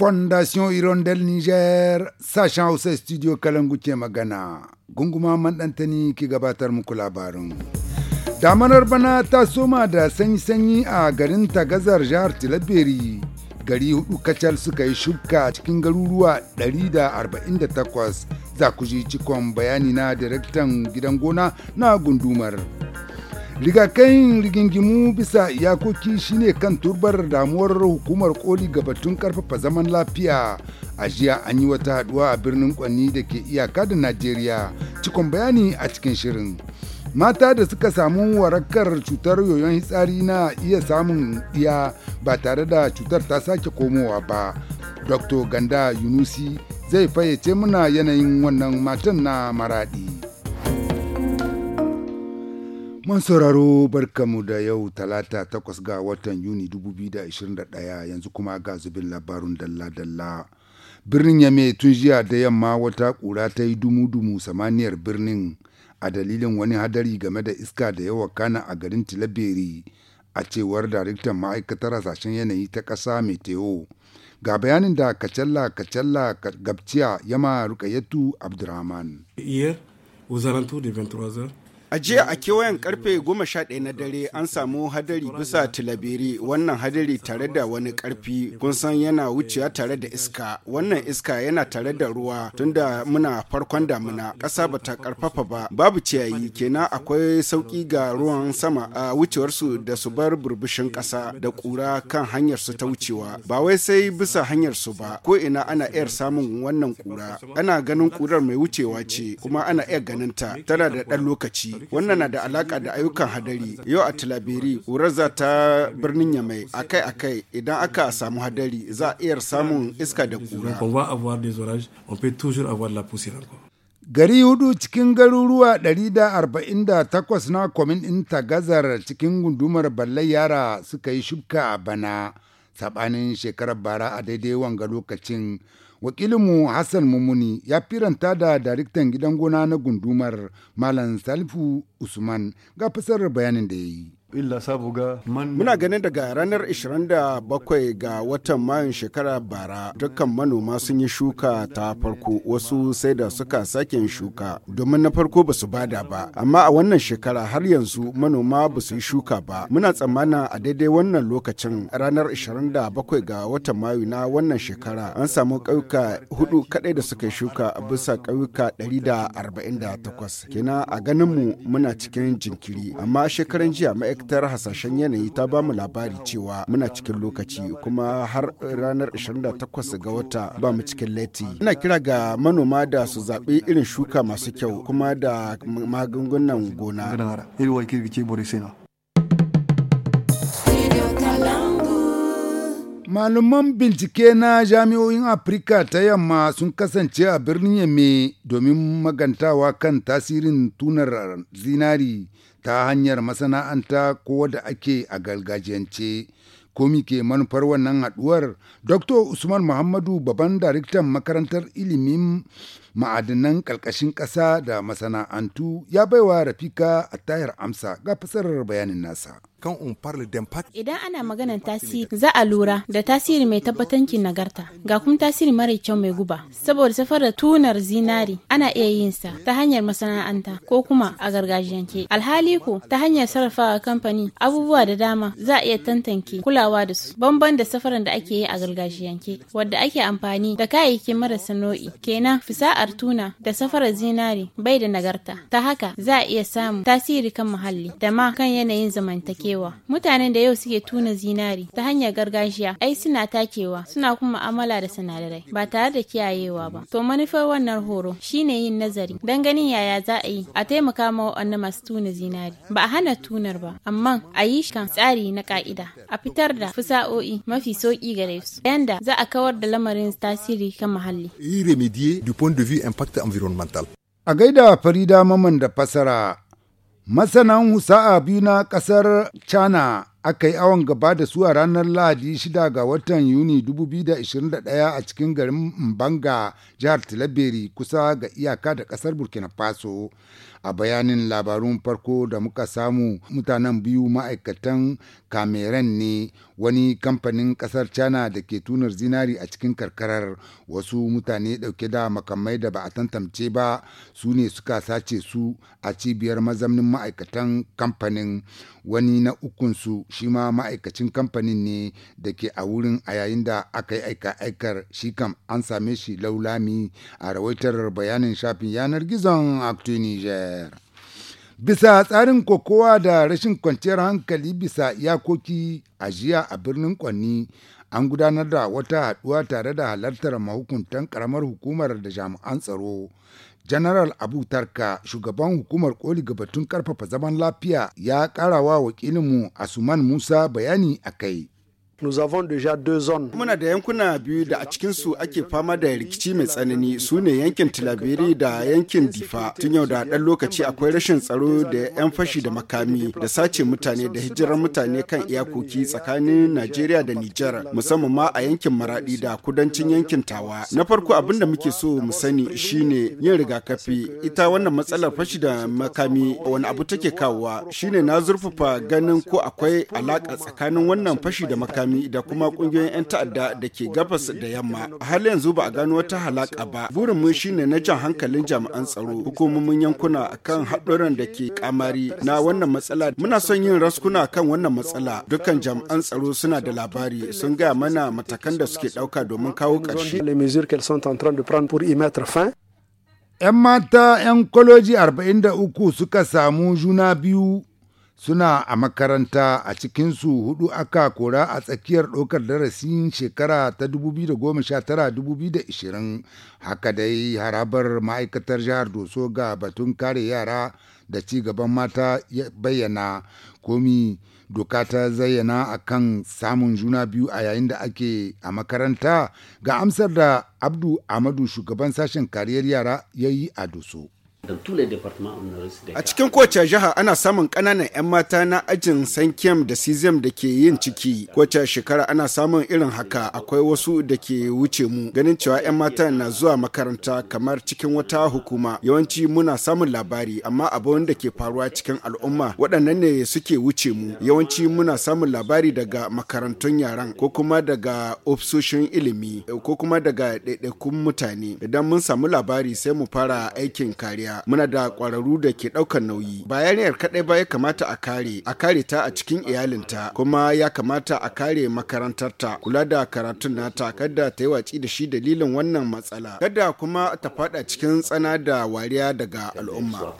fondation irondel niger sashen hausa studio kalangu ke magana gunguma mandantani ki gabatar muku labarin damanar bana ta soma da sanyi-sanyi a garin gazar jihar tilabiri gari hudu kacal suka yi shuka a cikin garuruwa 148 zakuji ku ji cikon bayani na daraktan gidan gona na gundumar. rigakain rigingimu bisa iyakoki shine kan turbar damuwar hukumar koli gabatun karfafa zaman lafiya a jiya an yi wata haduwa a birnin kwanni da ke iyaka da najeriya cikon bayani a cikin shirin mata da suka samu warakar cutar yoyon hitsari na iya samun iya ba tare da cutar ta sake komowa ba dr ganda yunusi zai fayyace muna yanayin wannan matan na maradi Man sauraro mu da yau talata takwas ga watan Yuni 2021 yanzu kuma ga zubin labarun dalla-dalla. Birnin Yame tun jiya da yamma wata ƙura ta yi dumu-dumu samaniyar birnin a dalilin wani hadari game da iska da yawa kana a garin Tilaberi a cewar daraktan ma'aikatar hasashen yanayi ta ƙasa mai Meteo. ga bayanin da kacalla kacalla gabciya yama rukayatu abdurrahman. Iyar, A jiya a kewayen karfe 11 na dare an samu hadari bisa tilabiri wannan hadari tare da wani karfi kun san yana wuciya tare da iska wannan iska yana tare da ruwa tunda muna farkon damuna ƙasa ba ta karfafa ba babu ciyayi kenan akwai sauki ga ruwan sama a wucewarsu da su bar burbushin ƙasa da ƙura kan hanyar su ta wucewa ba wai sai bisa hanyar su ba ko ina ana iya samun wannan ƙura ana ganin ƙurar mai wucewa ce kuma ana iya ganin ta tana da ɗan lokaci wannan na da alaka da ayyukan hadari yau a tilaberi za ta birnin yamai akai akai idan aka samu hadari za a iya samun iska da kura Gari hudu cikin garuruwa 148 na kwamin inta gazar cikin gundumar ballai yara suka yi shuka a bana, saɓanin shekarar bara a daidai wanga lokacin wakilinmu hassan mummuni ya firanta da daraktan gidan gona na gundumar malam salifu usman ga fasarar bayanin da ya yi illa man muna ganin daga ranar 27 ga watan mayun shekara bara dukkan manoma sun yi shuka ta farko wasu sai da suka sake shuka domin na farko ba su bada ba amma a wannan shekara har yanzu manoma ba su yi shuka ba muna tsammana a daidai wannan lokacin ranar 27 ga watan mayu na wannan shekara an samu ƙauyuka hudu kadai da suka shuka a bisa ƙauyuka 148 kenan a ganin mu muna cikin jinkiri amma shekaran jiya ma'aikata ma'aikatar hasashen yanayi ta ba mu labari cewa muna cikin lokaci kuma har ranar 28 ga wata ba mu cikin leti. Ina kira ga manoma da su zaɓi irin shuka masu kyau kuma da magungunan gona. Malaman bincike na jami'o'in Afirka ta yamma sun kasance a birnin Yemi domin magantawa kan tasirin tunar zinari ta hanyar masana'anta ko da ake a gargajiyance. Komi ke manufar wannan haɗuwar, Dr. Usman Muhammadu babban daraktan makarantar ilimin ma'adanan ƙarƙashin ƙasa da masana'antu ya baiwa Rafika a tayar amsa ga fasarar bayanin nasa. Idan ana maganar tasiri za a lura da tasiri mai tabbatancin nagarta ga kuma tasiri mara kyau mai guba saboda safar da tunar zinari ana iya yin sa ta hanyar masana'anta ko kuma a gargajiyance. Alhali ko ta hanyar sarrafawa kamfani abubuwa da dama za a iya tantance kulawa da su bamban da safaran da ake yi a gargajiyance wadda ake amfani da kayayyakin marasa nau'i kenan fisa'ar tuna da safarar zinari bai da nagarta ta haka za a iya samun tasiri kan muhalli da ma kan yanayin zamantake. takewa mutanen da yau suke tuna zinari ta hanyar gargajiya ai suna takewa suna kuma amala da sinadarai ba tare da kiyayewa ba to manufar wannan horo shine yin nazari dan ganin yaya za a yi a taimaka ma waɗannan masu tuna zinari ba a hana tunar ba amma a yi kan tsari na ka'ida a fitar da fusa'o'i mafi sauki gare su yanda za a kawar da lamarin tasiri kan muhalli a gaida farida maman da fasara Masanan husa'a biyu na kasar China aka yi awon gaba da su a ranar Lahadi 6 ga watan Yuni 2021 a cikin garin Mbanga, jihar Tilaberi kusa ga iyaka da kasar Burkina Faso. A bayanin labarun farko da muka samu mutanen biyu ma'aikatan cameron ne wani kamfanin kasar china da ke tunar zinari a cikin karkarar wasu mutane dauke da makamai da ba a tantance ba su ne suka sace su a cibiyar mazamnin ma'aikatan kamfanin wani na ukunsu shi ma ma'aikacin kamfanin ne da ke a wurin a yayin da aka yi aika-aikar shi kam an same shi laulami a rawaitar bayanin shafin yanar gizon actu niger Bisa tsarin kokowa da rashin kwanciyar hankali bisa iyakoki a jiya a birnin Kwanni an gudanar da wata haɗuwa tare da halartar mahukuntan ƙaramar hukumar da jami'an tsaro. General Abu Tarka, shugaban hukumar koli gabatun ƙarfafa zaman lafiya ya karawa wakilinmu Asuman Musa bayani a kai. nous avons déjà deux zones. Muna da yankuna biyu da a cikinsu ake fama da rikici mai tsanani su ne yankin tilabiri da yankin Difa. Tun yau da ɗan lokaci akwai rashin tsaro da 'yan fashi da makami da sace mutane da hijirar mutane kan iyakoki tsakanin Najeriya da Nijar musamman ma a yankin Maradi da kudancin yankin Tawa. Na farko abin da muke so mu sani shine yin rigakafi ita wannan matsalar fashi da makami wani abu take kawowa shine na zurfafa ganin ko akwai alaka tsakanin wannan fashi da makami Islami da kuma kungiyoyin 'yan ta'adda da ke gabas da yamma. A hali yanzu ba a gano wata halaka ba. Burin mu shine na jan hankalin jami'an tsaro, hukumomin yankuna kan haɗuran da ke kamari na wannan matsala. Muna son yin raskuna kan wannan matsala. Dukkan jami'an tsaro suna da labari sun gaya mana matakan da suke ɗauka domin kawo ƙarshe. 'Yan mata 'yan kwaloji 43 suka samu juna biyu suna a makaranta a cikinsu hudu aka kora a tsakiyar ɗaukar darasin shekara ta 2019-2020 haka dai harabar ma'aikatar jihar doso ga batun kare yara da ci gaban mata ya bayyana komi doka ta zayyana a kan samun juna biyu a yayin da ake a makaranta ga amsar da abdu amadu shugaban sashen kariyar yara ya yi a doso. A cikin kowace jiha ana samun kananan 'yan mata na ajin sankiyam da sizem da ke yin ciki. Kowace shekara ana samun irin haka akwai wasu da ke wuce mu ganin cewa 'yan mata na zuwa makaranta kamar cikin wata hukuma. Yawanci muna samun labari amma abin da ke faruwa cikin al'umma waɗannan ne suke wuce mu. Yawanci muna samun labari daga makarantun yaran ko kuma daga ofisoshin ilimi ko kuma daga ɗaiɗaikun mutane. Idan mun samu labari sai mu fara aikin kariya. muna da kwararru da ke ɗaukar nauyi ba kaɗai ba ya kamata a kare a kare ta a cikin iyalinta kuma ya kamata a kare makarantarta kula da karatun nata kada ta yi watsi da shi dalilin wannan matsala kada kuma ta faɗa cikin tsana da wariya daga al'umma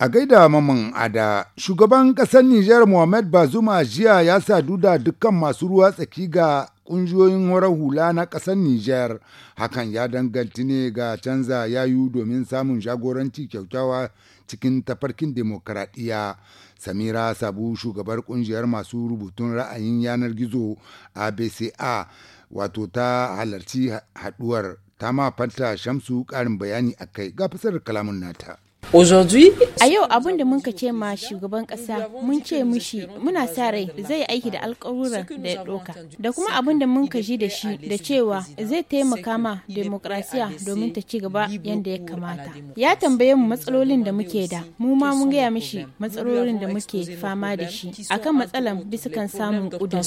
A gaida maman ada, shugaban ƙasar Nijar Mohamed Bazuma jiya ya sadu da dukkan masu ruwa tsaki ga ƙungiyoyin horar hula na ƙasar Nijar. Hakan ya danganci ne ga canza yayu domin samun jagoranci kyaukyawa cikin tafarkin demokaradiyya. Samira Sabu shugabar ƙungiyar masu rubutun ra'ayin yanar gizo ABCA wato ta halarci haɗuwar ta ma fanta shamsu ƙarin bayani akai ga fasar kalamun nata. A yau abin da muka ce ma shugaban kasa mun ce mushi muna sa rai zai aiki da alkawuran da ya doka da kuma abin da mun ji da shi da cewa zai taimaka ma demokrasiya domin ta ci gaba yadda ya kamata. Ya tambaye mu matsalolin da muke da mu ma mun gaya mishi matsalolin da muke fama da shi akan matsalan bisa kan samun kudin.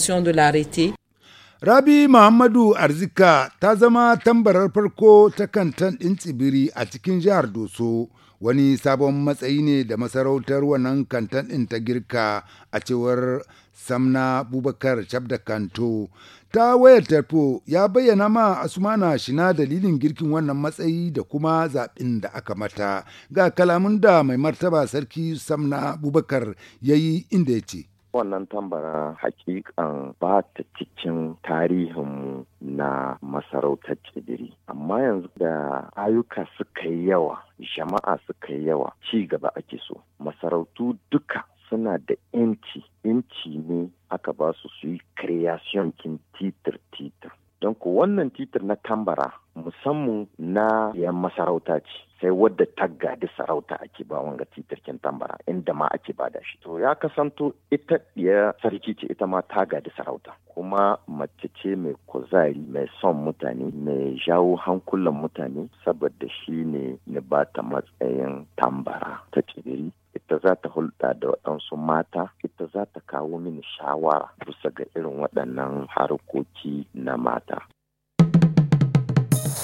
Rabi Muhammadu Arzika ta zama tambarar farko ta kantan ɗin tsibiri a cikin jihar Doso. wani sabon matsayi ne da masarautar wannan kantan ɗin ta girka a cewar samna bubakar shabda kanto ta wayar tarfo ya bayyana ma asumana shina dalilin girkin wannan matsayi da kuma zaɓin da aka mata ga kalamun da mai martaba sarki samna bubakar ya yi inda ya ce wannan tambara hakikan ba ta cikin tarihinmu na masarautar ƙidiri. Amma yanzu da ayuka suka yi yawa, jama'a suka yi yawa, ci gaba ake so. Masarautu duka suna da inci, inci ne aka ba su su yi creation kin titir-titir. Don ku wannan titir na tambara musamman na yan masarauta ce. sai wadda ta gadi sarauta ake ba wanga titirkin tambara inda ma ake ba da shi to ya kasanto ita ya sarki ce ita ma ta gadi sarauta kuma mace ce mai kuzari mai son mutane mai jawo hankulan mutane saboda shi ne ni ba ta matsayin tambara ta tsibiri ita za ta hulɗa da waɗansu mata ita za ta kawo mini shawara bisa ga irin waɗannan harkoki na mata.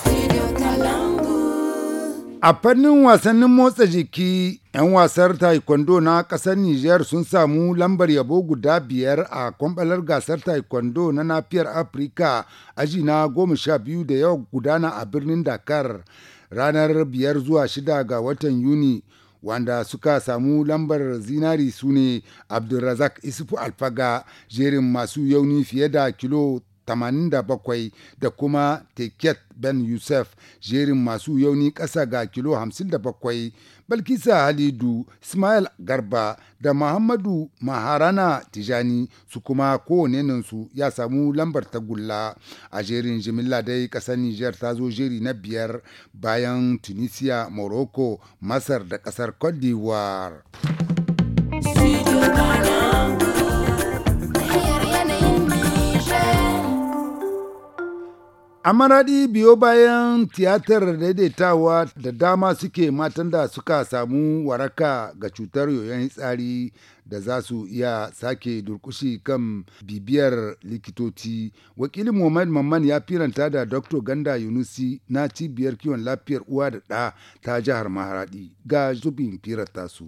Video A fannin wasannin motsa jiki, 'yan wasar taekwondo na ƙasar Nijar sun samu lambar yabo guda biyar a kwambalar gasar taekwondo na nafiyar Afirka aji na goma sha biyu da yau gudana a birnin Dakar ranar biyar zuwa shida ga watan Yuni. Wanda suka samu lambar zinari su ne Abdulrazak Isufu Alfaga jerin masu yauni fiye da kilo 87 da kuma teket ben yusuf jerin masu yauni ƙasa ga kilo 57 balkisa halidu ismail garba da muhammadu maharana tijani su kuma kowane su ya samu lambar tagulla a jerin jimilla dai ƙasar niger ta zo jeri na biyar bayan tunisia morocco masar da ƙasar cote d'ivoire amaradi biyo bayan tiyatar daidaitawa da dama suke matan da suka samu waraka ga cutar yoyon tsari. da za su iya sake durkushi kan bibiyar likitoci wakilin muhammad mamman ya firanta da dr ganda yunusi na cibiyar kiwon lafiyar uwa da ɗa ta jihar maharaɗi ga zubin firanta su.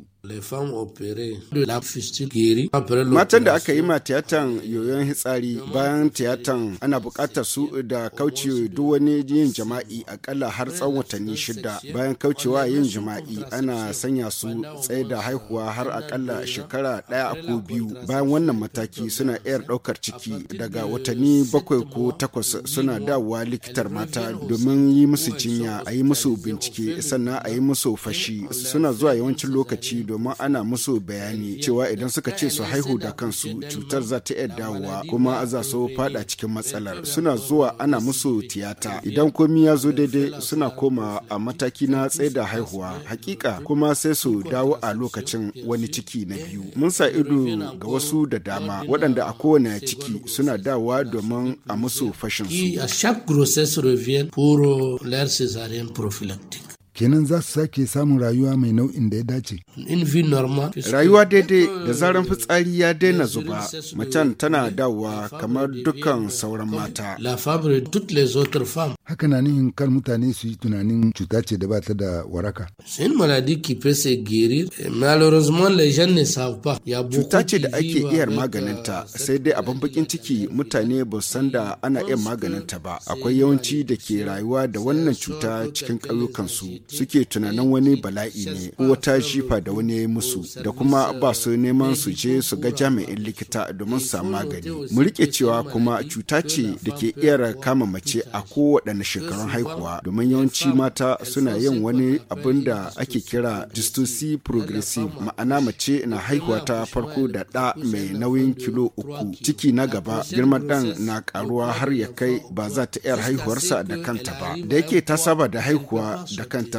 Matan da aka yi ma tiyatan yoyon hitsari bayan tiyatan ana bukatar su da kauce duk wani yin jama'i akalla har tsawon watanni shida bayan kaucewa yin jama'i ana sanya su tsaye da haihuwa har akalla shekara shekara ɗaya ko biyu bayan wannan mataki suna yar ɗaukar ciki daga watanni bakwai ko takwas suna dawowa likitar mata domin yi musu jinya a yi musu bincike sannan a yi musu fashi suna zuwa yawancin lokaci domin ana musu bayani cewa idan suka ce su haihu da kansu cutar za ta iya dawowa kuma za su fada cikin matsalar suna zuwa ana musu tiyata idan komi ya zo daidai suna koma a mataki na tsaida haihuwa hakika kuma sai su dawo a lokacin wani ciki na biyu mun sa ido ga wasu da dama waɗanda a kowane ciki suna dawa domin a musu fashin su. kenan za su sake samun rayuwa mai nau'in da ya dace. Rayuwa daidai da zaran fitsari ya daina zuba, macen tana dawowa kamar dukkan sauran mata. Haka na nihin kan mutane su yi tunanin cuta ce da ba ta da waraka. Cuta ce da ake iya euh, maganinta, sai dai abin bakin ciki mutane ba san da ana iya maganinta ba. Akwai yawanci da ke rayuwa da wannan cuta cikin ƙauyukansu. suke tunanin wani bala'i ne ko wata jifa da wani ya yi musu da kuma ba su neman su je su ga jami'in likita domin su samu magani mu rike cewa kuma cuta ce da ke iya kama mace a kowaɗanne shekarun haihuwa domin yawanci mata suna yin wani abin da ake kira distosi progressive ma'ana mace na haihuwa ta farko da ɗa mai nauyin kilo uku ciki na gaba girman ɗan na ƙaruwa har ya kai ba za ta iya haihuwarsa da kanta ba da yake ta saba da haihuwa da kanta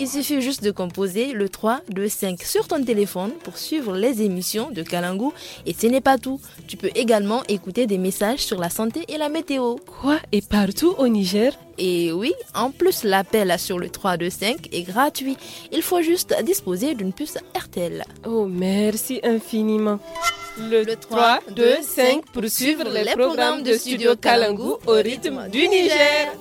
Il suffit juste de composer le 3, 2, 5 sur ton téléphone pour suivre les émissions de Kalangu. Et ce n'est pas tout. Tu peux également écouter des messages sur la santé et la météo. Quoi Et partout au Niger Et oui, en plus, l'appel sur le 3, 2, 5 est gratuit. Il faut juste disposer d'une puce RTL. Oh, merci infiniment. Le, le 3, 2, 5 pour suivre les programmes de Studio Kalangu au rythme du Niger.